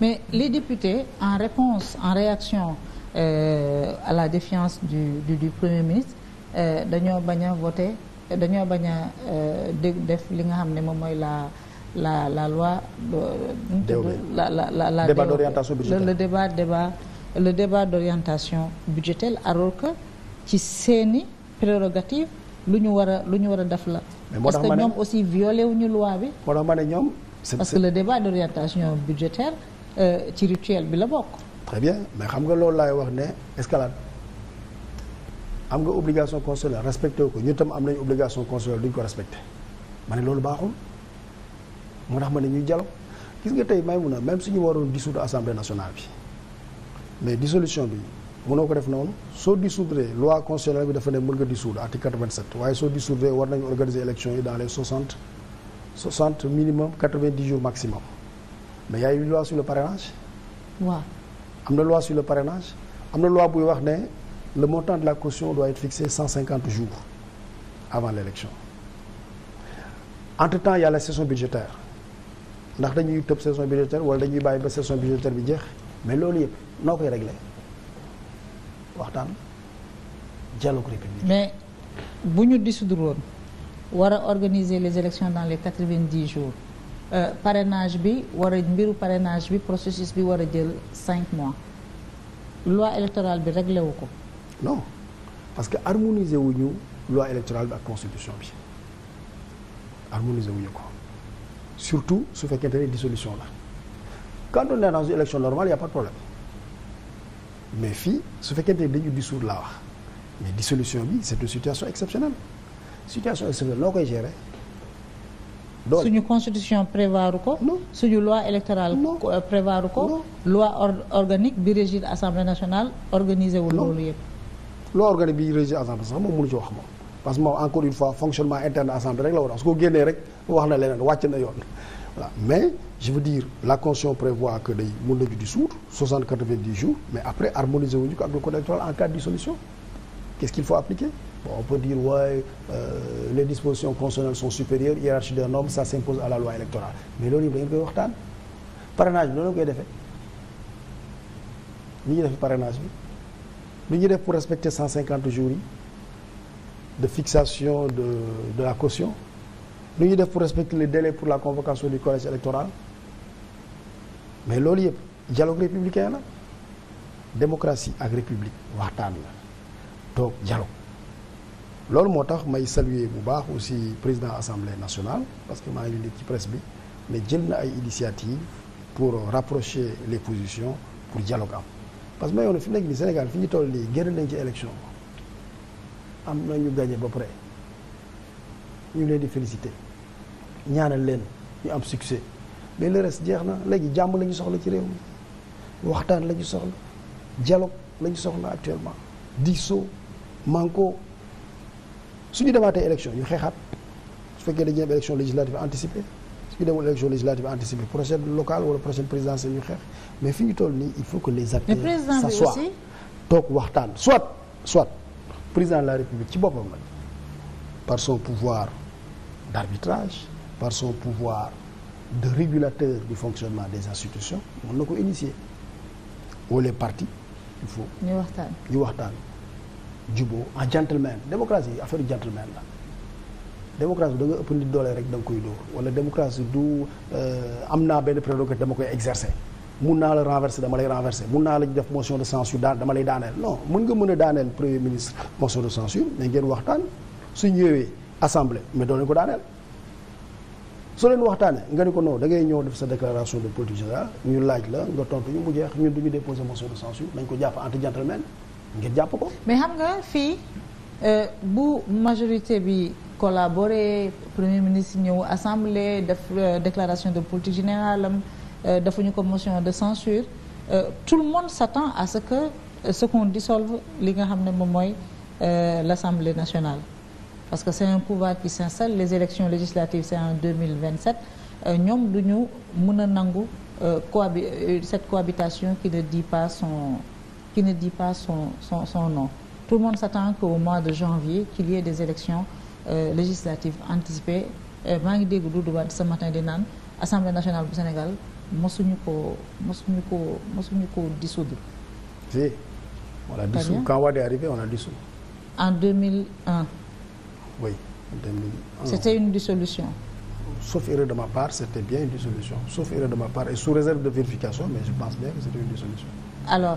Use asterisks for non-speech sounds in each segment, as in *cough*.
Mais les députés, en réponse, en réaction euh, à la défiance du, du, du Premier ministre, euh, dañoo bañ a voté dañoo bañ a euh, def li nga xam ne moom mooy la la la loi euh, de, la la la la débat d'orientation budgétaire le, le débat débat le débat d'orientation budgétaire alors que ci seeni prérogative lu ñu war a lu ñu war a def la parce que ñoom aussi violé wuñu loi bi moo tax ma ne parce que le débat d'orientation budgétaire Euh, ci rituel bi la bokk. très bien mais xam nga loolu laay wax ne escalade am nga obligation constitutionnelle respecté wu ko ñu tam am nañu obligation constitutionnelle duñ ko respecté ma ne loolu baaxul moo tax ma ne ñuy dialogue gis nga tey may mun a même suñu waroon dissoudre assemblée nationale bi mais dissolution bi mënoo ko def noonu soo dissoudre loi constitutionnelle bi dafa ne mën nga dissoudre article 87 waaye soo dissoudre war nañu organiser élection yi dans mais y a une loi sur le parrainage. waaw am na loi sur le parrainage am na loi buy wax ne le montant de la caution doit être fixé 150 jours avant l'élection entre temps y a la session budgétaire ndax dañuy tëb session budgétaire wala dañuy bàyyi ba session budgétaire bi jeex mais loolu yëpp noo koy réglé waxtaan dialogue républicain. mais bu ñu dissoudre woon war a organiser les élections dans les 90 jours. Euh, parrainage bi war a mbiru parrainage bi processus bi war a jël cinq mois loi électorale bi rek wu ko non parce que harmoniser wuñu loi électorale bi ak constitution bi harmoniser wuñu ko surtout su fekkente ne dissolution la quand on est dans une élection normale y pas problème mais fii su fekkente ne dañu dissoudre laa wax mais dissolution bi c'est une situation exceptionnelle situation exceptionnelle noo koy gérer suñu constitution prévoir ko suñu loi électorale euh, prévoir ko loi organique bi régir assemblée nationale organisé wul loolu yëpp loi organique bi régir assemblée nationale moom mënu ci wax moom parce que moom encore une fois fonctionnement interne assemblée rek la war a su ko génnee rek wax na leneen wàcc na yoon mais je veux dire la constitution prévoit que day mën nañu dissoudre 60 90 jours mais après harmoniser wuñu ko ak le code électoral en cas bon, on peut dire ouais euh, les dispositions constitutionnelles sont supérieures hiérarchie des normes ça s'impose à la loi électorale mais loolu yëpp dañu koy waxtaan parrainage bi noonu la koy defee li ñuy def parrainage bi lu ñuy def pour respecter cent cinquante yi de fixation de de la caution lu ñuy def pour respecter les délais pour la convocation du collège électoral mais loolu yëpp dialogue républicain la démocratie ak république waxtaan la toog dialogue loolu moo tax may saluer bu baax aussi président assemblée nationale parce que maa ngi lire ci presse bi mais jël na ay initiative pour rapprocher les positions pour dialogue am parce que ma yoon fi nekk nii Sénégal fi ñu toll nii génn nañ ci élection am na ñu gagné ba pare ñu leen di féliciter ñaanal leen ñu am succès mais le reste jeex na léegi jàmm la ñu soxla ci réew mi waxtaan la ñu soxla dialogue lañu soxla actuellement diisoo manko su ñu demaatee élection ñu xeexaat su fekkee dañuy dem élection législative anticipée su ñu demoon élection législative anticipée prochaine locale wala prochaine présidentielle ñu xeex mais fi ñu toll nii il faut que les acteurs s'assoient toog waxtaan soit soit président la république ci boppam nag par son pouvoir d'arbitrage par son pouvoir de régulateur du fonctionnement des institutions moom na ko initier ou les partis ñu waxtaan juboo en gentleman démocratie affaire gentleman la démocratie da nga ëpp nit doole rek da nga koy dóor wala démocratie du euh, am naa benn prérogative dama koy exercer mun naa la renverser dama lay renverser mun naa la def motion de censure daan dama lay daaneel non mën nga mën a daaneel premier ministre motion de censure mais ngeen waxtaan su ñëwee assemblée mais doo leen ko daaneel su leen waxtaanee nga ni ko non da ñëw def sa déclaration de la nga tontu ñu mu jeex ñun du ñu déposer motion de ngir jàpp ko. mais xam nga fii euh, bu majorité bi collaboré premier ministre ñëw assemblée def euh, déclaration de politique générale am euh, defuñu ko motion de censure tout le monde s'attend à ce que ce qu'on dissolve li nga xam ne moom mooy l'assemblée nationale. parce que c'est un pouvoir qui s'installe les élections législatives c'est en 2027 ñoom du ñu mën a nangu cohabi cette cohabitation qui ne dit pas son. qui ne dit pas son, son, son nom. Tout le monde s'attend qu'au mois de janvier, qu'il y ait des élections euh, législatives anticipées. maa ngi dégg Doudou Wade ce matin di naan Assemblée nationale bu Sénégal mosuñu ko mosuñu ko mosuñu ko dissoudre. si on a dissous quand Wade est arrivé on a dissous. en 2001. oui en 2001. c'était une dissolution. sauf erreur de ma part c'était bien une dissolution sauf erreur de ma part et sous réserve de vérification mais je pense bien que c'était une dissolution. alors.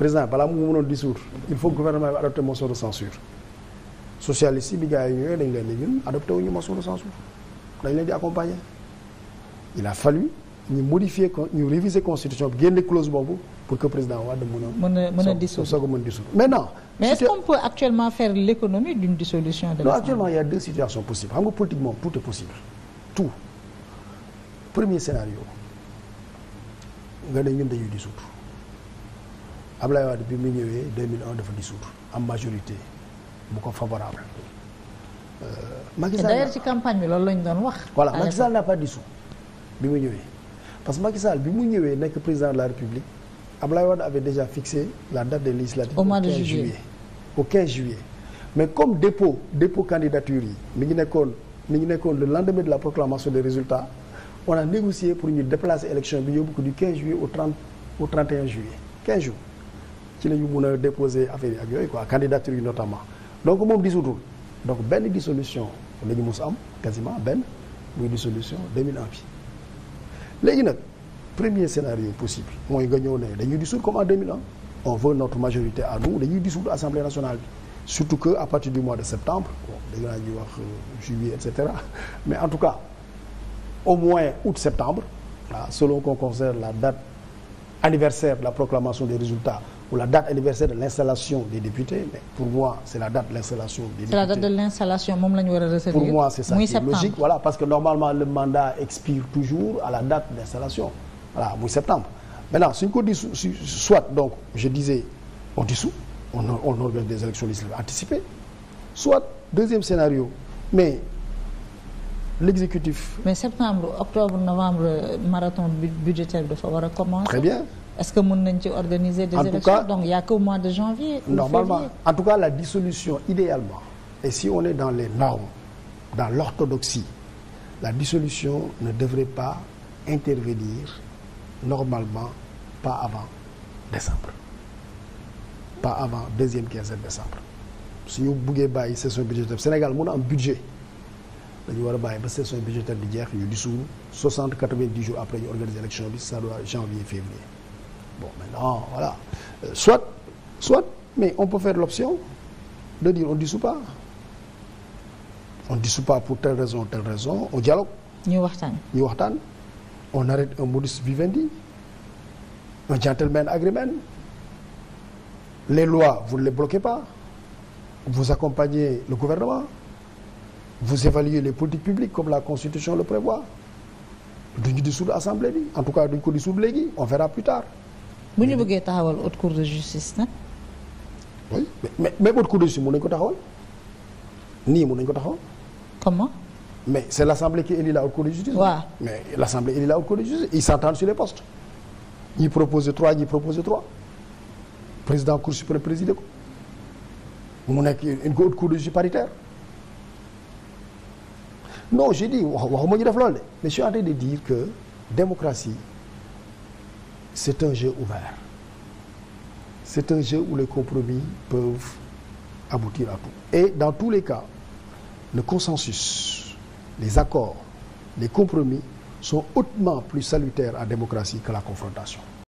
président balaa mu mënoon dissoudre il faut gouvernement bi adopté motion de censure socialiste yi bi gars yi ñëwee dañ leen ne ñun adopté wuñu motion de censure dañ leen di accompagner il a fallu ñu modifier ñu réviser constitution génne clause boobu pour que président Wade mën a. mën a dissoudre soog a mën dissoudre maintenant. mais est-ce qu'on peut actuellement faire l'économie d'une dissolution de non actuellement il y a deux situations possibles xam nga politiquement tout Ablaye Wade bi mu ñëwee 2001 dafa dissoudre am majorité bu ko favorable. Euh, Macky Sall d'ailleurs ci bi loolu lañu doon wax. voilà Macky Sall n'a pas dissous bi mu ñëwee parce que Macky Sall bi mu ñëwee nekk président de la République Ablaye Wade déjà fixé la date des législatives. au mois de juillet au 15 juillet. mais comme dépôt dépôt candidature yi mi ngi nekkoon mi ngi nekkoon le lendemain de la proclamation des résultats on a négocié pour ñu déplacer élection bi yóbbu ko du 15 juillet au 30 au 31 juillet 15 ci la ñu mun a déposer affaire ak yooyu quoi candidature yi notamment donc moom disutul donc benn dissolution la mus mos am quasiment benn muy dissolution 2001 bi léegi nag premier scénario possible mooy nga ñëw ne dañuy dissoudre comme en 2001 on veut notre majorité à nous dañuy dissoudre assemblée nationale bi surtout que à partir du mois de septembre bon dégg naa ñuy wax euh, juillet et cetera *laughs* mais en tout cas au moins août septembre ah selon qu'on la date anniversaire de la proclamation des résultats ou la date anniversaire de l'installation des députés mais pour moi c'est la date de l'installation C'est la date de l'installation moom la ñu war a retenir. Pour moi c'est ça qui est parce que normalement le mandat expire toujours à la date d'installation voilà muy septembre. Maintenant suñ ko dissous soit donc je disais on dissout on on des élections législatives anticipées soit deuxième scénario mais l'exécutif mais septembre octobre novembre marathon budgétaire dafa war a commencer. Très est-ce que mën nañ ci organiser des en élections donc il y a qu'au mois de janvier normalement en tout cas la dissolution idéalement et si on est dans les normes dans l'orthodoxie la dissolution ne devrait pas intervenir normalement pas avant décembre pas avant deuxième quinzaine décembre su ñu buggee bàyyi session budgétaire Sénégal mën a am budget dañu war a bàyyi ba session budgétaire di jeex ñu dissous 60 90 jours après ñu organiser élection bi ça doit janvier bon maintenant voilà euh, soit soit mais on peut faire l'option de dire on dissout on dissout pour telle raison telle raison on dialogue. ñu waxtaan ñu waxtaan on arrête un modus vivendi un gentleman agreement les lois vous ne les bloquez pas vous accompagnez le gouvernement vous évaluez les politiques publiques comme la constitution le prévoit duñu dissoudre assemblée bi en tout cas duñ ko dissoudre léegi on verra plus tard bu ñu bëggee taxawal haute cour de justice nag. oui mais mais haute de justice mun nañu ko taxawal nii mun nañ ko taxawal. comment. mais c' est l' assemblée qui élit la haute cour de justice. waaw mais l' assemblée élit la haute cour de justice ils s' entendent sur les postes. ñi proposé trois ñi proposé trois président cour suprême présidé ko mu nekk une haute cour de justice paritaire. non j'ai dit waxuma ñu def loolu de mais je suis en de dire que démocratie. c'est un jeu ouvert c'est un jeu où les compromis peuvent aboutir à tout et dans tous les cas le consensus les accords les compromis sont hautement plus salutaires à démocratie que la confrontation